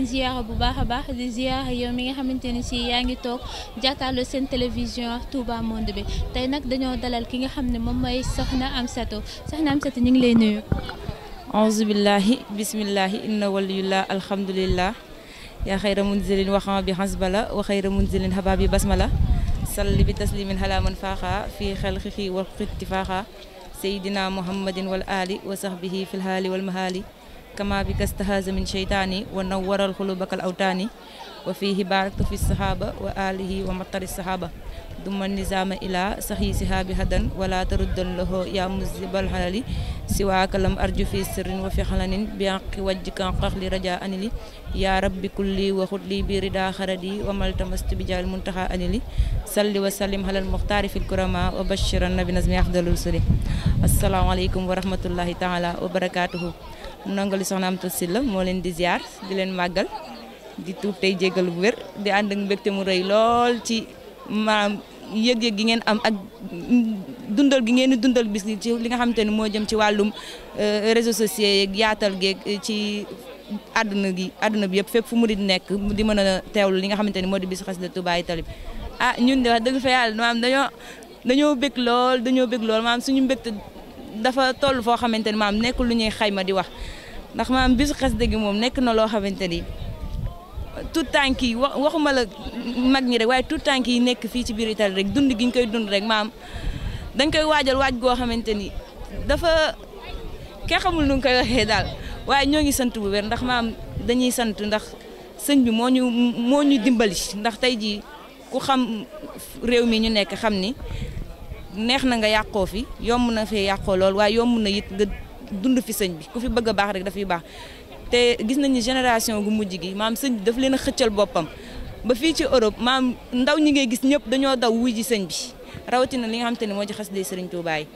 leen ziyaara bu baax a baax di ziyaara yow mi nga xamante ni si yaa ngi toog jàkkaarloo seen télévision Touba tey nag dañoo dalal ki nga xam ne moom mooy Soxna Amsatou Soxna Amsatou ñu ngi lay nuyu aouzu billahi bismillahi inna waliyullah alhamdulillah yaa xayra munzilin waxama bi hasbala wa xayra munzilin haba bi basmala salli bi taslimin halaaman faaxa fii xel xixi wal xitti faaxa seydina muhammadin wal aali wa sahbihi kama bika stahaza min sheytaani wa nawwaral xulubakal awtaani wa fiihi baaraktu fi sahaaba wa alihi wa matari sahaaba duma nizaama ilaa saxi sihaabi hadan wala taruddan lahu yaa muzibal xalali siwaaka lam arju fi sirrin wa fi xalanin biaqi wajjika qaxli raja anili yaa rabbi kulli wa xutli bi rida xaradi wa maltamastu bi jaal muntaxa anili salli wa sallim xalal muxtaari fil kurama wa bashiran nabi nazmi afdalul suli asalaamaaleykum wa rahmatullahi taala wa barakaatuhu ndongali soxna Amta Sylla moo leen di ziar di leen màggal di tuub tey jégal bu wér di ànd ak mbégte mu rëy lool ci maanaam yëg-yëg gi ngeen am ak dundal gi ngeen di dundal bis ci li nga xamante ni moo jëm ci wàllum euh, réseaux sociaux yeeg yaatal geeg ci àdduna gi àdduna bi yëpp fépp fu mu di nekk di mën a teewlu li nga xamante ni moo di bis xasida Touba Italie bi ah ñun de wax dëgg fa yàlla maam dañoo dañoo lool dañoo bég lool maam suñu mbégte dafa toll foo xamante ni maam nekkul lu ñuy xayma di wax ndax maam bisu xasida gi moom nekk na loo xamante ni tout yi waxuma la mag ñi rek waaye tout tànk yi nekk fii ci biir Italie rek dund gi ñu koy dund rek maam dañ koy waajal waaj goo xamante ni dafa ke xamul nu ngi koy waxee daal waaye ñoo ngi sant bu wér ndax maam dañuy sant ndax sëñ bi moo ñu moo dimbali ndax tey jii ku xam réew mi ñu nekk xam ni neex na nga yàqoo fi yomb na fee yàqoo lool waaye yomb na yit nga dund fi sëñ bi ku fi bëgg a baax rek dafay baax te gis nañu génération gu mujj gi maam sëñ daf leen a xëccal boppam ba fii ci Europe maam ndaw ñi ngay gis ñëpp dañoo daw wuy ji sëñ bi rawatina li nga xam ne moo ci xas day sëriñ Tuubaa yi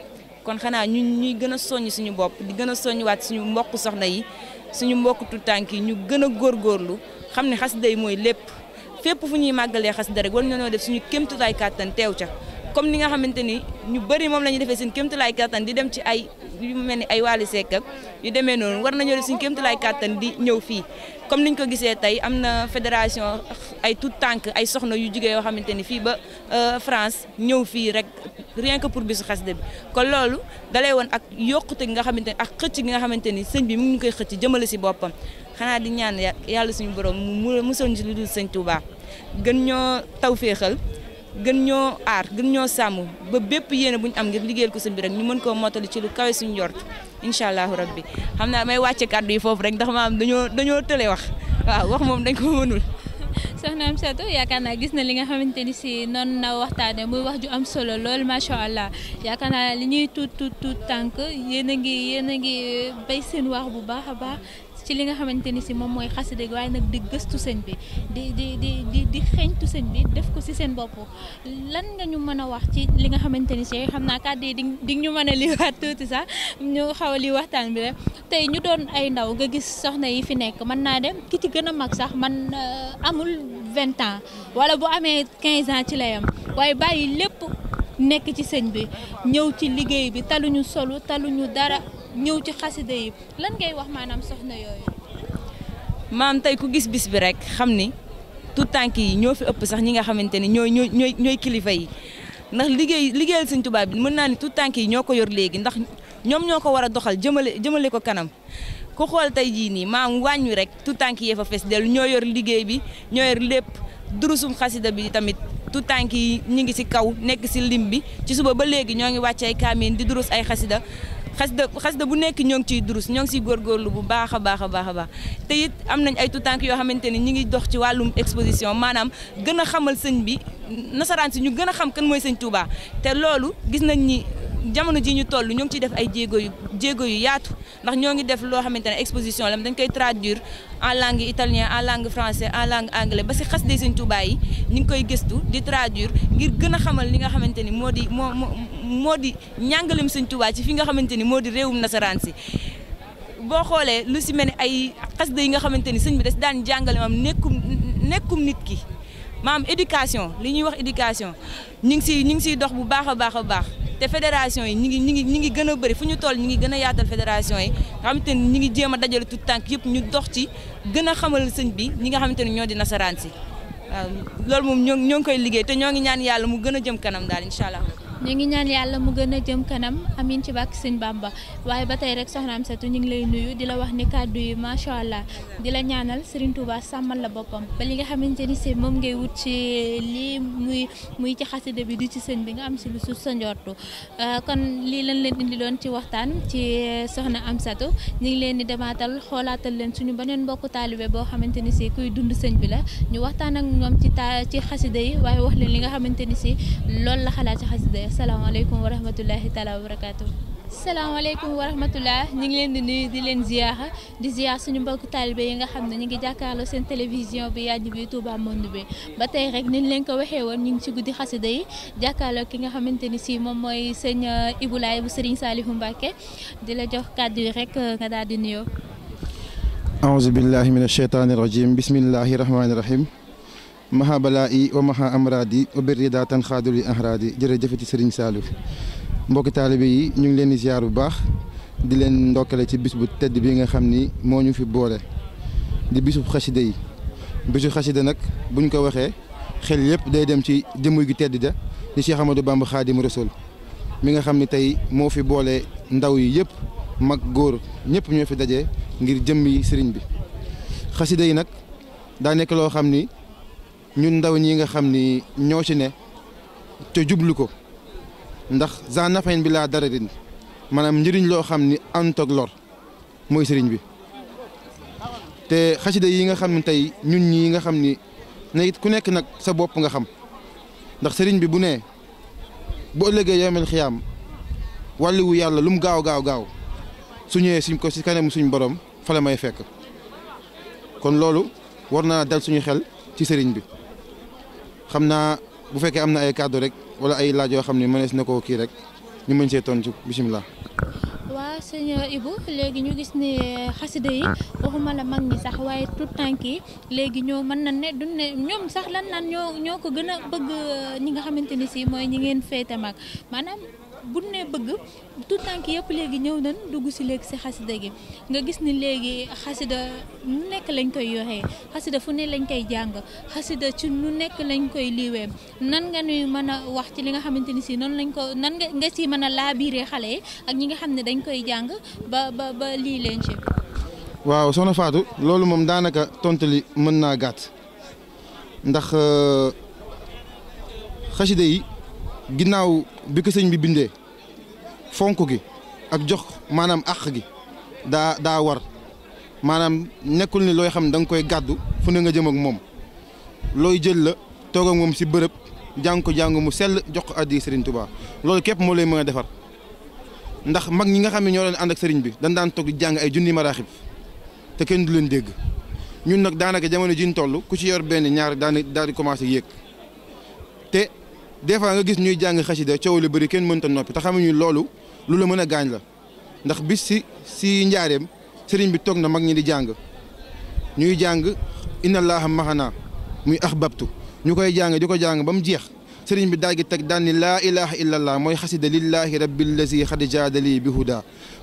kon xanaa ñun ñuy gën a soññ suñu bopp di gën a soññwaat suñu mbokk soxna yi suñu mbokk tutànk yi ñu gën a góorgóorlu xam ne xas day mooy lépp fépp fu ñuy màggalee xas da rek na ñoo def suñu kéemtutaay kàttan teew ca comme ni nga xamante ni ñu bëri moom la ñuy defee seen kéemtalaay kattan di dem ci ay yu mel ni ay Wally Seck ak yu demee noonu war nañoo def suñu kéemtalaay kattan di ñëw fii comme niñ ko gisee tey am na fédération ay tout tànk ay soxna yu jugee yoo xamante ni fii ba euh, France ñëw fii rek rien que pour bisu xasida bi kon loolu dalay woon ak yokkute gi nga xamante ni ak xëcc gi nga xamante ni sëñ bi mu ngi koy xëcc jëmale si boppam xanaa di ñaan yàlla suñu borom mu musal ñu lu dul sëñ Touba gën ñoo taw féexal gën ñoo aar gën ñoo sàmm ba bépp yéene bu ñu am ngir liggéeyal ko sëñ ñu mën koo mottali ci lu kawe suñu yort incha allahu rabbi xam naa may wàcce kàddu yi foofu rek ndax maam dañoo dañoo tële wax waaw wax moom dañ ko mënul. soxna am sato yaakaar naa gis na li nga xamante ni si noonu na waxtaane muy wax ju am solo lool macha allah yaakaar naa li ñuy tuut tuut tuut tànk yéen a ngi yéen a ngi béy seen wax bu baax a baax ci li nga xamante ni si moom mooy xasida gi waaye nag di gëstu sëñ bi di di di di di xeeñtu sëñ bi def ko si seen bopp lan nga ñu mën a wax ci li nga xamante ni si xam naa kàddu yi di di ñu mën a liwaat tuuti sax ñu xaw a li waxtaan bi rek tey ñu doon ay ndaw nga gis soxna yi fi nekk mën naa dem ki ci gën a mag sax man euh, amul vingt ans wala bu amee quinze ans ci layam waaye bàyyi lépp nekk ci sëñ bi ñëw ci liggéey bi taluñu solu taluñu dara ñëw ci xasida yi lan ngay wax maanaam soxna yooyu. maam tey ku gis bis bi rek xam ni tout tànk yi ñoo fi ëpp sax ñi nga xamante ni ñooy ñooy ñooy kilifa yi ndax liggéey liggéeyal Sëñ Tuubaa bi mën naa ni tout tànk yi ñoo ko yor léegi ndax ñoom ñoo ko war a doxal jëmale jëmale ko kanam. ku xool tey jii nii maam wàññi rek tout tànk yee fa fes ñoo yor liggéey bi ñoo yor lépp durusum xasida bi tamit. tout tànk yi ñu ngi ci kaw nekk si lim bi ci suba ba léegi ñoo ngi wàcc ay kaamine di durus ay xasida xasida xasida bu nekk ñoo ngi ciy durus ñoo ngi siy góorgóorlu bu baax a baax baax baax te it am nañ ay tuutànk yoo xamante ni ñi ngi dox ci wàllum exposition maanaam gën a xamal sëñ bi nasaraan si ñu gën a xam kan mooy sëñ Touba te loolu gis nañ ni jamono ji ñu toll ñoo ngi ciy def ay jéego yu jéego yu yaatu ndax ñoo ngi def loo xamante ne exposition lam dañ koy traduire en langue italien en langue français en langue anglais ba si xas xasida sëñ Touba yi ñu ngi koy gëstu di traduire gën a xamal li nga xamante ni moo di moo moo di ñàngalem sëñ ci fi nga xamante ni moo di réewum nasaraan si boo xoolee lu si mel ne ay xasida yi nga xamante ni sëñ bi des daan jàngale maam nekkum nit ki maam éducation li ñuy wax éducation ñu ngi si ñu ngi siy dox bu baax a baax baax te fédération yi ñi ngi ñi ngi ñi ngi gën a bëri fu ñu toll ñi ngi gën a yaatal fédération yi nga ni ñi ngi jéem dajale tout tànk yëpp ñu dox ci gën a xamal sëñ bi ñi nga xamante ni ñoo di nasaraan si loolu moom ñoo ñoo ngi koy liggéey te ñoo ngi ñaan yàlla mu gën a jëm kanam daal incha allah ñu ngi ñaan yàlla mu gën a jëm kanam amin ci bàkk sëñ ba waaye ba tey rek soxna Amsatou ñu ngi lay nuyu di la wax ni kàddu yi macha allah di la ñaanal Serigne Touba sàmmal la boppam ba li nga xamante ni si moom ngay wut ci lii muy muy ci xasida bi di ci sëñ bi nga am si lu suuf sa njortu euh, kon lii lañ leen indi doon ci waxtaan ci soxna Amsatou ñu ngi leen di demaatal xoolaatal leen suñu beneen mbokku taalibe boo xamante ni si kuy dund sëñ bi la ñu waxtaan ak ñoom ci ta ci xasida yi waaye wax leen li nga xamante ni si loolu la xalaat ci xasida salaamaaleykum wa rahmatulahi taala wa barakaatu. salaamaaleykum wa rahmatulah ñu ngi leen di nuyu di leen ziyaara di ziyaar suñu mbokk taalibe yi nga xam ne ñu ngi jàkkaarloo seen télévision bi yàjj bi Touba Monde bi ba tey rek ni leen ko waxee woon ñu ngi ci guddi xasida yi jàkkaarloo ki nga xamante ni si moom mooy sëñ uh, Ibou bu bu Serigne Saliou Mbacké di la jox kàddu yi rek uh, nga daal di nuyoo. aouzu billahi mina shaytaani rajim bismillahi rahmaani rahim. maha balaa yi wa maha amraadi wa birri daa tan xaadul yi ahraadi jërëjëfati sëriñ Saliou mbokki taalibe yi ñu ngi leen di ziar bu baax di leen ndokkale ci bis bu tedd bi nga xam ni moo ñu fi boole di bisub xasida yi bisu xasida nag buñ ko waxee xel yëpp day dem ci jëmuy gi tedd da di Cheikh Amadou Bamba Xaadim Rasul mi nga xam ni tey moo fi boole ndaw yi yëpp mag góor ñëpp ñoo fi daje ngir jëmm yi sëriñ bi xasida yi nag daa nekk loo xam ni ñun ndaw ñi nga xam ni ñoo ci ne te jublu ko ndax gen nafayn bi laa dara din maanaam njëriñ loo xam ni antoog mooy sëriñ bi te xasida yi nga xam ne tey ñun ñi nga xam ni ne it ku nekk nag sa bopp nga xam ndax sëriñ bi bu nee bu ëllëgee yomel xiyaam wàlliwu yàlla lu mu gaaw gaaw gaaw su ñëwee suñ ko si kanam suñ borom fa may fekk kon loolu war naa dal suñu xel ci sëriñ bi xam naa bu fekkee am na ay kàddu rek wala ay laaj yoo xam ne mënees na koo kii rek ñu mën see tontu bisimilah. waaw sëñ Ibou léegi ñu gis ne xasida yi ah. waxuma la mag ñi sax waaye tout tànk yi léegi ñoo mën na ne du ne ñoom sax lan naan ñoo ko gën a bëgg ñi nga xamante ni si mooy ñi ngeen féete mag maanaam bu ne bëgg tout tànk yëpp léegi ñëw nañ dugg si léegi si xasida gi nga gis ni léegi xasida nu nekk lañ koy yoxee xasida fu ne lañ koy jàng xasida ci nu nekk lañ koy liiwee nan nga nuy mën a wax ci li nga xamante ni si nan lañ ko nan nga nga si mën a laabiiree xale yi ak ñi nga xam ne dañ koy jàng ba ba lii leen ci waaw soxna Fatou loolu moom daanaka tontu li mën naa gàtt ndax euh, xasida yi ginnaaw bi ko sëñ bi bindee fonk gi ak jox maanaam àq gi daa daa war maanaam nekkul ni looy xam da nga koy gàddu fu ne nga jëm ak moom looy jël la toog ak moom si bërëb jàng ko jàng mu sell jox ko addi sëriñ Touba loolu képp moo lay mën a defar ndax mag ñi nga xam ne ñoo leen ànd ak sëriñ bi dañ daan toog di jàng ay junni maraaxib te kenn du leen dégg ñun nag daanaka jamono jiñ toll ku ci yor benn ñaar daan daal di commencé yéeg des fois nga gis ñuy jàng xasida coow lu bëri kenn mënta noppi te xamuñu loolu lu la mën a gaañ la ndax bis si si njaareem sëriñ bi toog na mag ñi di jàng ñuy jàng inna allaha mahana muy ahbabtu ñu koy jàng di ko jàng ba mu jeex sëriñ bi daal gi teg daan ni laa ilaha illa allah mooy xasida lillahi rabbilazi xad jaadali bi huda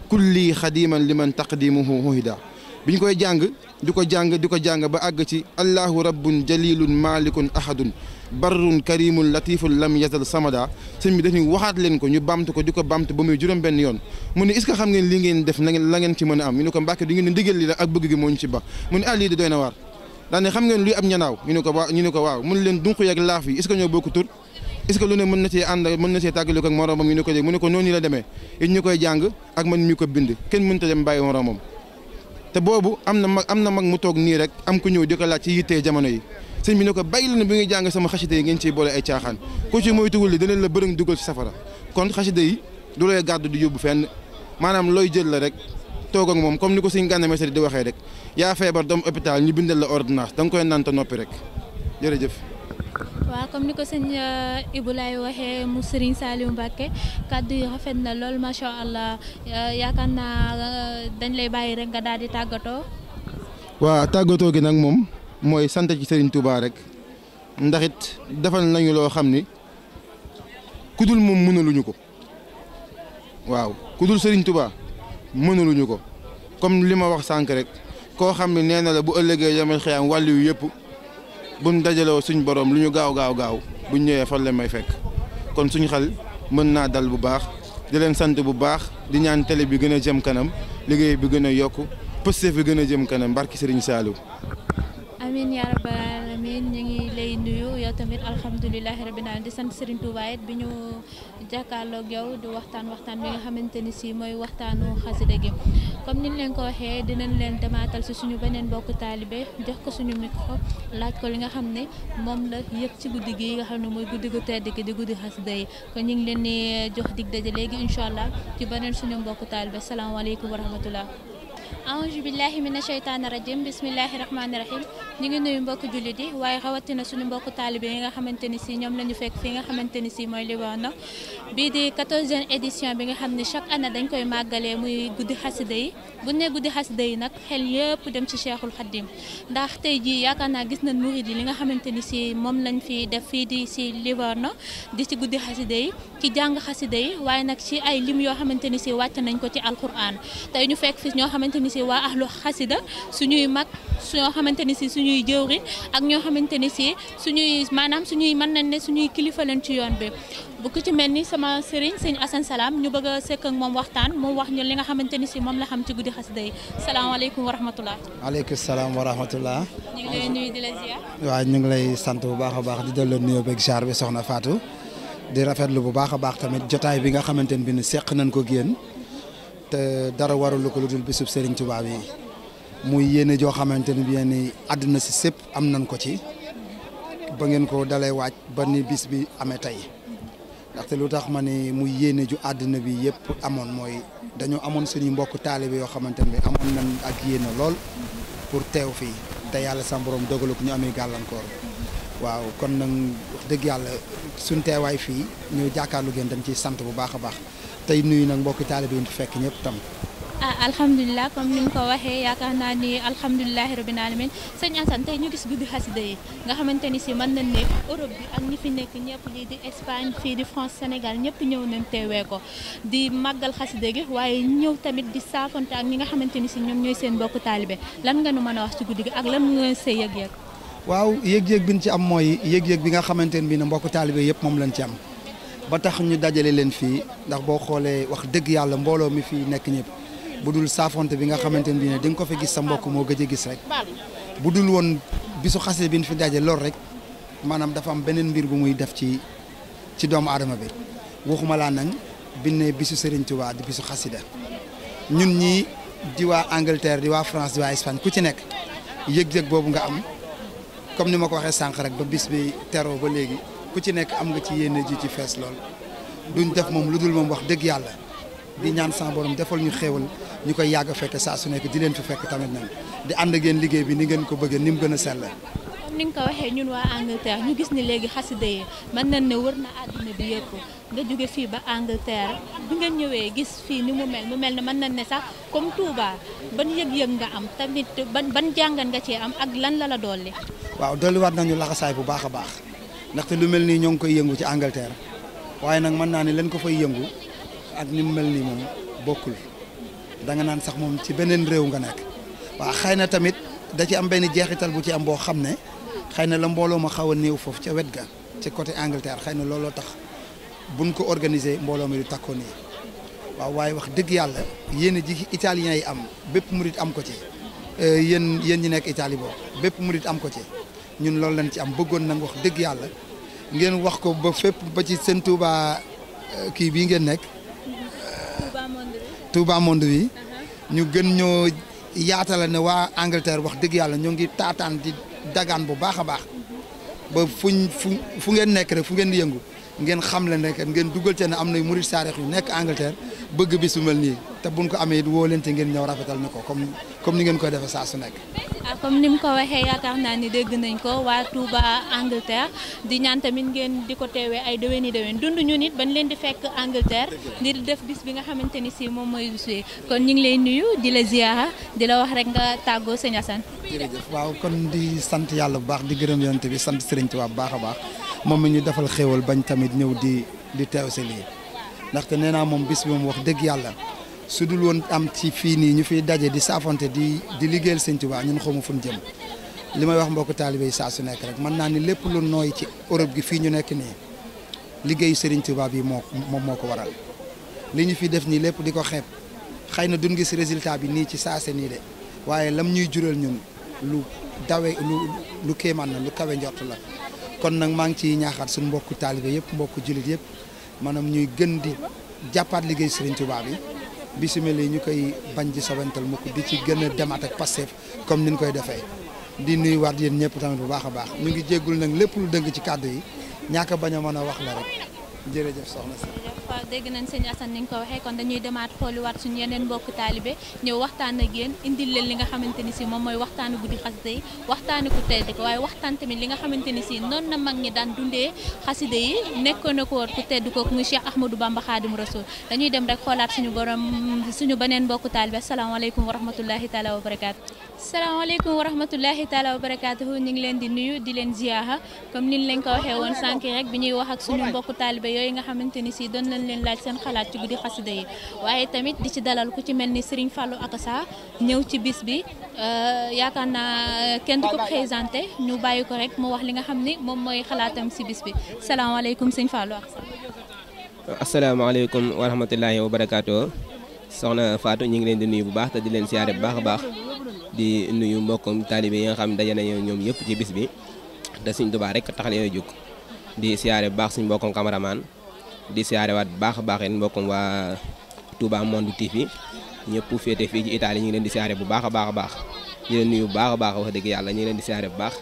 kulli xadiman liman taqdimuhu huhida bi ñu koy jàng di ko jàng di ko jàng ba àgg ci allahu rabbun jalilun malikun ahadun barrun karimun latifun lam yazal samada sëñ bi daf ñu waxaat leen ko ñu bamtu ko di ko bamtu ba muy juróom benn yoon mu ne est-ce que xam ngeen li ngeen def na ngeen la ngeen ci mën a am ñu ne ko mbàkke di ngeen ne ndigal li la ak bëgg gi moo ñu ci ba mu ne ah lii di doy na waar daane xam ngeen luy am ñanaaw ñu ne ko waaw mu ne leen dunq yeeg laaf yi est-ce que ñoo lu ne mën na cee ànd mën na cee tàggaliko ak moromam ñu ne ko dee mu ne ko noonu la demee boobu am na mag am na mag mu toog nii rek am ku ñëw di ko jamono yi sëñ bi ne ko bàyyi leen bi ngay jàng sama xasida yi ngeen ciy boole ay caaxaan ku ci moytuwul li danañ la bërëng dugal ci safara kon xasida yi du lay gàddu di yóbbu fenn maanaam looy jël la rek toog moom comme ni ko sëñ Gana Messere di waxee rek yaa feebar doomu hôpital ñu bindal la ordonnance da nga koy naan noppi rek jërëjëf. waaw comme ni ko sëñ euh, Ibou Laye waxee mu Serigne Saliou Mbacke kàddu yi rafet na lool macha allah euh, yaakaar naa euh, dañ lay bàyyi rek nga daal di tàggatoo. waaw tàggatoo gi nag moom. mooy sant ci sëriñ Touba rek ndax it defal nañu loo xam ni ku dul moom mënaluñu ko waaw ku dul Serigne Touba mënaluñu ko comme li ma wax sànq rek koo xam ne nee na la bu ëllëgee yamal xëyam wàllu yu yëpp buñ dajaloo suñ borom lu ñu gaaw gaaw gaaw buñ ñëwee fan la may fekk kon suñu xel mën naa dal bu baax di leen sant bu baax di ñaan télé bi gën a jëm kanam liggéey bi gën a yokk poste bi gën a jëm kanam barki sëriñ Saliou amiin yaa rabbal aalamiin ñu ngi lay nuyu yow tamit alhamdulilahi rabbil aalamiin di sant Serigne Touba it bi ñu jàkkaarloog yow di waxtaan waxtaan bi nga xamante ni si mooy waxtaanu xasida gi comme niñ leen ko waxee dinañ leen demaatal si suñu beneen bokk taalibe jox ko suñu micro laaj ko li nga xam ne moom la yëg ci guddi gi nga xam ne mooy guddi gu tedd gi di guddi xasida yi kon ñu ngi leen di jox dig daje léegi incha allah ci beneen suñu mbokk taalibe salaamaaleykum wa aouzu billahi mina sheytaani rajim bismillahi rahmaani rahim ñu ngi nuyu mbokk jullit yi waaye rawatina suñu mbokk taalibe yi nga xamante ni si ñoom la fekk fii si mooy Livorno bii di quatorzième édition bi nga xam ne chaque année dañ koy màggalee muy guddi xasida yi bu ne guddi xasida yi nag xel yëpp dem ci Cheikhul Khadim ndax tey jii yaakaar naa gis nañ murid yi li nga xamante ni si moom lañ fi def fii di si Livorno di si guddi xasida yi ci jàng xasida yi waaye nag ci ay lim yoo xamante ni si wàcc nañ ko ci alquran tey ñu fekk fi ñoo xamante si waa ahlu xasida suñuy mag ñoo xamante ni si suñuy jëwri ak ñoo xamante ni si suñuy maanaam suñuy man nañ ne suñuy kilifa leen ci yoon bi bu ci mel ni sama sëriñ sëñ Assane Salam ñu bëgg a moom waxtaan moom wax ñu li nga xamante ni si moom la xam ci guddi xasida yi salaamaaleykum wa salaam wa rahmatulah. ñu lay ñu ngi lay sant bu baax a baax di delloo nuyoo beeg ziar bi soxna Fatou di rafetlu bu baax a baax tamit jotaay bi nga xamante ne bi seq nañ ko génn. te dara warul ko lu dul bisub Serigne Touba bi muy yéene joo xamante ni bien ni àdduna si sépp am nañ ko ci ba ngeen ko dalee waaj ba ni bis bi amee tey ndaxte lu tax ma ni muy yéene ju àdduna bi yëpp amoon mooy dañoo amoon suñu mbokk taalibe yoo xamante ne bi amoon nañ ak yéene lool pour teew fii te yàlla sa borom dogalu ko ñu amee gàllankoor waaw kon nag dëgg yàlla suñ teewaay fii ñu jàkkaarlu ngeen dañ ciy sant bu baax a baax. tey nuyu nag mbokki taalibe yi ñu fekk ñëpp tam. ah alhamdulilah comme ni mu ko waxee yaakaar naa ni alhamdulilahi rabbil alamin sëñ Assane tey ñu gis guddi xasida yi nga xamante ni si man nañ ne Europe ñi fi nekk ñëpp lii di Espagne fii di Sénégal ñëpp ñëw nañ teewee ko di màggal xasida gi waaye ñëw tamit di saafante ak ñi nga xamante ni si ñoom ñooy seen bokk taalibe lan nga nu mën a wax ci guddi gi ak lan nga see yëg-yëg. waaw yëg-yëg bi ñu ci am mooy yëg-yëg bi nga xamante ne bii ne mbokk taalibe yëpp moom lañ ci am. ba tax ñu dajalee leen fii ndax boo xoolee wax dëgg yàlla mbooloo mi fii nekk ñëpp bu dul saafonte bi nga xamante ne bii ne nga ko fa gis sa mbokk moo gëj a gis rek bu dul woon bisu xasee bi nu fi daje loolu rek maanaam dafa am beneen mbir bu muy def ci ci doomu aadama bi waxuma laa nag bi ne bisu Serigne Touba di bisu xasida ñun ñii di waa Angleterre di waa France di waa Espagne ku ci nekk yëg-yëg boobu nga am comme ni ma ko waxee sànq rek ba bis bi ba léegi. ku ci nekk am nga ci yéene ji ci fees lool duñ def moom lu dul moom wax dëgg yàlla di ñaan sama borom defal ñu xéewal ñu koy yàgg fekk fekke saa su nekk di leen fi fekk tamit nag di ànd ak yéen bi ni ngeen ko bëggee ni gën a sell. ni nga ko waxee ñun waa Angleterre ñu gis ni léegi xasida yi mën nañ ne wër na àdduna bi yëpp nga jóge fii ba Angleterre bi nga ñëwee gis fii ni mu mel mu mel ne mën nañ sax comme Touba ban yëg-yëg nga am tamit ban ban jàngat nga cee am ak lan la la dolli. waaw dolliwaat nañu laxasaay bu baax a baax. ndaxte lu mel nii ñoo ngi koy yëngu ci Angleterre waaye nag mën naa ni leen ko fay yëngu ak ni mu mel nii moom bokkul da nga naan sax moom ci beneen réew nga nekk waa xëy na tamit da ci am benn jeexital bu ci am boo xam ne xëy na la mbooloo ma xaw a néew foofu ca wet ga ci côté Angleterre xëy na looloo tax buñ ko organiser mbooloo mi du takkoon nii waaw waaye wax dëgg yàlla yéen a ji yi am bépp mu murit am ko ci euh, yéen yéen ñi nekk itali boobu bépp murit am ko ci ñun loolu lañ ci am bëggoon nag wax dëgg yàlla ngeen wax ko ba fépp ba ci seen Touba euh, kii bii ngeen nekk. Touba monde bi uh-huh. ñu gën ñoo yaatale ne waa Angleterre wax dëgg yàlla ñoo ngi taataan di dagaan bu baax a baax uh-huh. ba fuñ fu fu ngeen nekk rek fu ngeen di yëngu. ngeen xam le ne ngeen dugal te ne am nay murid saarix yu nekk Angleterre bëgg bis bu mel nii te buñ ko amee it woo leen te ngeen ñëw rafetal na ko comme comme ni ngeen ko defee saa su nekk. Ah, comme ni mu ko waxee yaakaar naa ni dégg nañ ko waa Touba Angleterre di ñaan tamit ngeen di ko teewee ay déwéni déwén dund ñu nit bañ leen di fekk Angleterre di def bis bi nga xamante ni si moom mooy suy kon ñu ngi lay nuyu di la ziyaara di la wax rek nga tàggoo sëñ Assane. waaw kon di sant yàlla bu baax di gërëm yonent bi sant Sëriñ Tuubaa bu baax a moom mi ñu defal xéewal bañ tamit ñëw di di teew si lii ndaxte nee naa moom bis moom wax dëgg yàlla su dul woon am ci fii nii ñu fiy daje di saafante di di liggéeyal Sëñ Tuubaa ñun xawma fu ñu jëm li may wax mbokku taalibe yi saa su nekk rek mën naa ni lépp lu nooy ci Europe gi fii ñu nekk nii liggéeyu Sëriñ Tuubaa bi moo moom moo ko waral li ñu fi def nii lépp di ko xepp xëy na duñ gis résultat bi nii ci saa saase yi de waaye lam ñuy jural ñun lu dawe lu lu kéemaan lu kawe njort la kon nag maa ngi ciy ñaaxaat suñu mbokku taalibe yëpp mbokku jullit yëpp maanaam ñuy gën di jàppaat liggéey Serigne Touba bi bisimilah ñu koy bañ di sobantal mukk di ci gën a demaat ak Pastef comme ni ñu koy defee di nuy nuyuwaat yéen ñëpp tamit bu baax a baax ñu ngi jéggul nag lépp lu dëng ci kàddu yi ñàkk bañ a mën a wax la rek jërëjëf soxna si. Fall dégg nañ sëñ Assane ni nga ko waxee kon dañuy demaat xooliwaat suñu yeneen mbokk taalibe ñëw waxtaan ak yéen indil leen li nga xamante ni si na mag ñi daan dundee xasida yi nekkoon ko woon ku tedd kooku muy Cheikh Ahmadou Bamba Khadim Rasoul dañuy dem rek xoolaat suñu beneen mbokk taalibe asalaamaaleykum wa rahmatullahi taala wa barakaatu salaamaaleykum wa rahmatullahi taala wa barakaatuhu ñu ngi leen di nuyu di leen ziyaha comme niñ lañ dinañ leen laaj seen xalaat ci guddi xasida yi waaye tamit di ci dalal ku ci mel ni Serigne Fallou Akassa ñëw ci bis bi euh, yaakaar naa euh, kenn du ko présenté ñu bàyyi ko rek moo wax li nga xam ni moom mooy xalaatam si bis bi salaamaaleykum Serigne Fallou Akassa. asalaamaaleykum wa rahmatulahi wa barakaatu soxna Fatou ñu ngi leen di nuyu bu baax te di leen siyaare bu baax a baax di nuyu mbokkum taalibe yi nga xam ne daje nañu ñoom yëpp ci bis bi te suñ Tuubaa rek tax na yooyu jóg di siyaare bu baax suñ mbokkum di siyaarewaat bu baax a baax yéen mbokkum waa Touba Monde TV ñëpp féete fii ci Italie ñu ngi leen di siyaare bu baax a baax a baax ñu leen nuyu bu baax baax wax dëgg yàlla ñu ngi leen di siyaare bu baax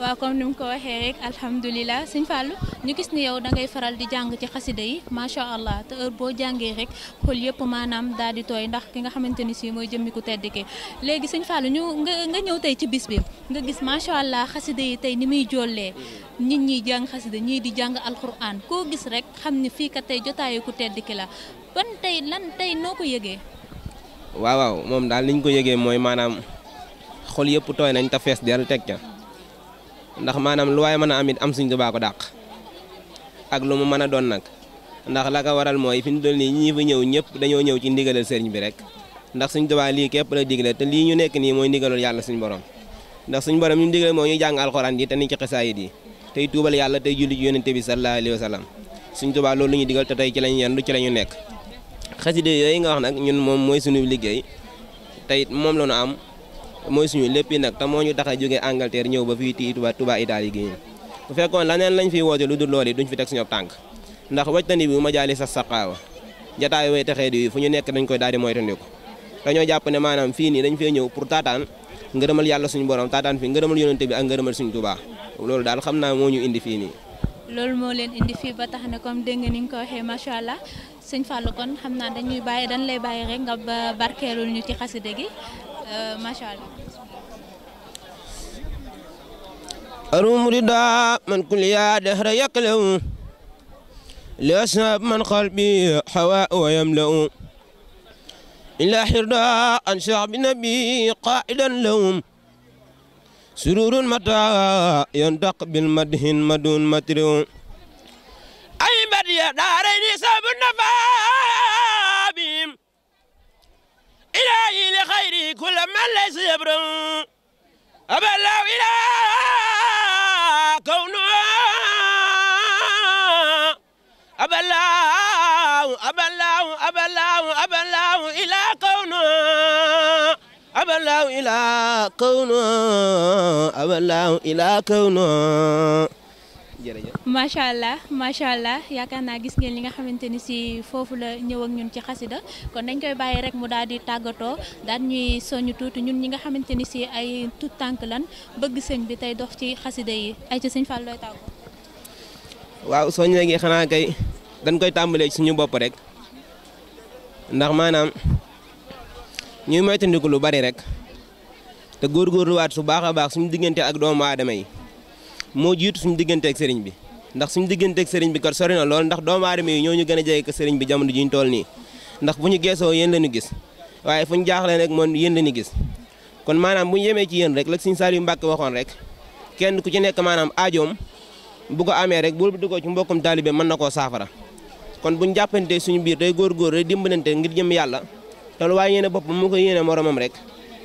waaw comme ni mu ko waxee rek alhamdulilah sëñ Fallou ñu gis ni yow dangay faral di jàng ci xasida yi macha allah te heure boo jàngee rek xool yëpp maanaam daal di tooy ndax ki nga xamante ni si mooy jëmmi ku tedd ki léegi sëñ Fallou ñu nga nga ñëw tey ci bis bi nga gis macha allah xasida yi tey ni muy jollee nit ñiy jàng xasida di jàng alquran koo gis rek xam ni fii kat tey jotaayu ku tedd ki la ban tey lan tey noo ko yëgee. waaw moom daal li ko yëgee mooy maanaam xol yëpp tooy nañ te fees del teg ca. ndax maanaam lu waaye mën a am it am suñ tubaa ko dàq ak lu mu mën a doon nag ndax la ko waral mooy fi ñu doon nii ñi fi ñëw ñëpp dañoo ñëw ci ndigalal sëriñ bi rek ndax suñ tubaa lii képp la digle te lii ñu nekk nii mooy ndigalul yàlla suñ borom ndax suñ borom ñu digal moo ñuy jàng alxuraan yi te ni ci xisaayit yi tey tuubal yàlla tey julli ci yonente bi sallallahu alayhi wa sallam suñ tubaa loolu ñu digal te tey ci lañu yendu ci la ñu nekk xaside yooyu nga wax nag ñun moom mooy suñu liggéey am mooy suñu lépp yi nag te moo ñu tax a jógee Angleterre ñëw ba fii tii Touba fekkoon laneen lañ fiy woote lu dul loolu duñ fi teg suñu tànk ndax wajtani bi ma jaali sa saqaawa jataay way di fu ñu nekk dañ koy daal di moytandiku dañoo jàpp ne maanaam fii nii dañ fee ñëw pour taataan ngërëmal yàlla suñu borom taataan fi ngërëmal yonente bi ak ngërëmal suñu Touba loolu daal xam naa moo ñu indi fii nii loolu indi fii ba tax na comme dégg ni ko waxee macha allah sëñ Fallou xam naa dañuy bàyyi dañ lay bàyyi rek ñu ci xaside gi macha allah. أروم رضا من كل يا دهر يقلو لأسناب من قلبي حواء ويملأ إلا حردا عن شعب النبي قائدا لهم سرور متى يندق بالمدهن مدون مترو أي مديا دارين سب النفاق إلهي لخيري كل من ليس يبرم أبا الله إلى كونه أبا الله أبا الله أبا الله أبا الله إلى كونه أبا الله إلى كونه أبا الله إلى كونه macha allah macha allah yaakaar naa gis ngeen li nga xamante ni si foofu la ñëw ak ñun ci xasida kon dañ koy bàyyi rek mu daal di tàggatoo daal ñuy soñu tuuti ñun ñi nga xamante ni si ay tout tànk lan bëgg sëñ bi tey dox ci xasida yi ay ci sëñ Fall looy tàggu waaw soñ léegi xanaa kay dañ koy tàmbalee suñu bopp rek ndax maanaam ñuy moytandiku lu bari rek te góor waat su baax a baax suñu diggante ak doomu aadama yi moo jiitu suñu diggante ak sëriñ bi ndax suñu digganteeg sëriñ bi kat sori na lool ndax doomu aadama yi ñoo ñu gën a jege sëriñ bi jamono ji ñu toll nii ndax bu ñu geesoo yéen la ñu gis waaye fu ñu jaaxlee rek moom yéen la ñu gis kon maanaam bu ñu yemee ci yéen rek la Sëriñ Saliou Mbacke waxoon rek kenn ku ci nekk maanaam aajoom bu ko amee rek bu duggoo ci mbokkum taalibe mën na koo saafara kon bu ñu jàppante suñu biir góor góorgóor day dimbalante ngir jëm yàlla te lu waaye yéene boppam mu ko yéene moromam rek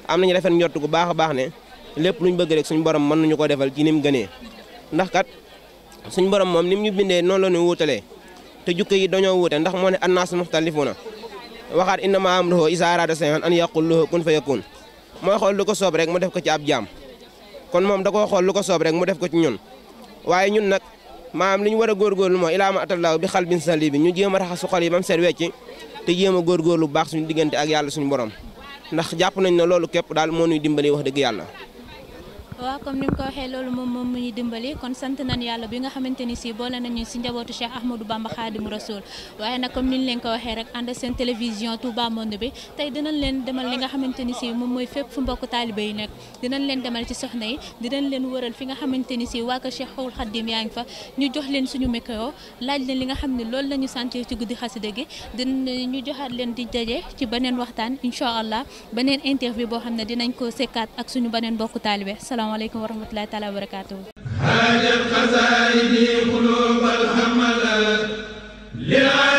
am nañu rafet njort gu baax a baax ne lépp luñ bëgg rek suñu borom mën nañu ko defal ci ni mu gënee suñ borom moom ni mu ñu bindee noonu la ñu wuutalee te jukki yi dañoo wuute ndax moo ne annaas muxtalifuna waxaat innama amruhu izaa araada shay'an an yaqul lahu kun fayakun moo xool lu ko soob rek mu def ko ci ab jaam kon moom da koo xool lu ko soob rek mu def ko ci ñun waaye ñun nag maanaam li ñu war a góorgóorlu moo ilaa ma atallaahu bi xal sali bi ñu jéem a raxasu xol yi ba mu seet wecci te jéem a góorgóorlu baax suñu diggante ak yàlla suñu borom ndax jàpp nañ ne loolu képp daal moo ñuy dimbali wax dëgg yàlla waaw comme ni mu ko waxee loolu moom moom mu ñu dimbali kon sant nañ yàlla bi nga xamante ni si boole nañu si njabootu Cheikh Ahmadou Bamba Xaadimu Rasul waaye nag comme ni ñu leen ko waxee rek ànd seen télévision Touba Monde bi tey dinañ leen demal li nga xamante ni si moom mooy fépp fu mbokk taalibe yi nekk dinañ leen demal ci soxna yi dinañ leen wëral fi nga xamante ni si waa ko Cheikhul Xadim yaa ngi fa ñu jox leen suñu micro laaj leen li nga xam ne loolu la ñu sentir ci guddi xasida gi dinañ ñu joxaat leen di daje ci beneen waxtaan incha allah beneen interview boo xam ne dinañ ko sekkaat ak suñu beneen mbokk taalibe asalaamaaleykum wa rahmatulahi taala wa barakaatu. haajat xasaayidi xuluubal hamala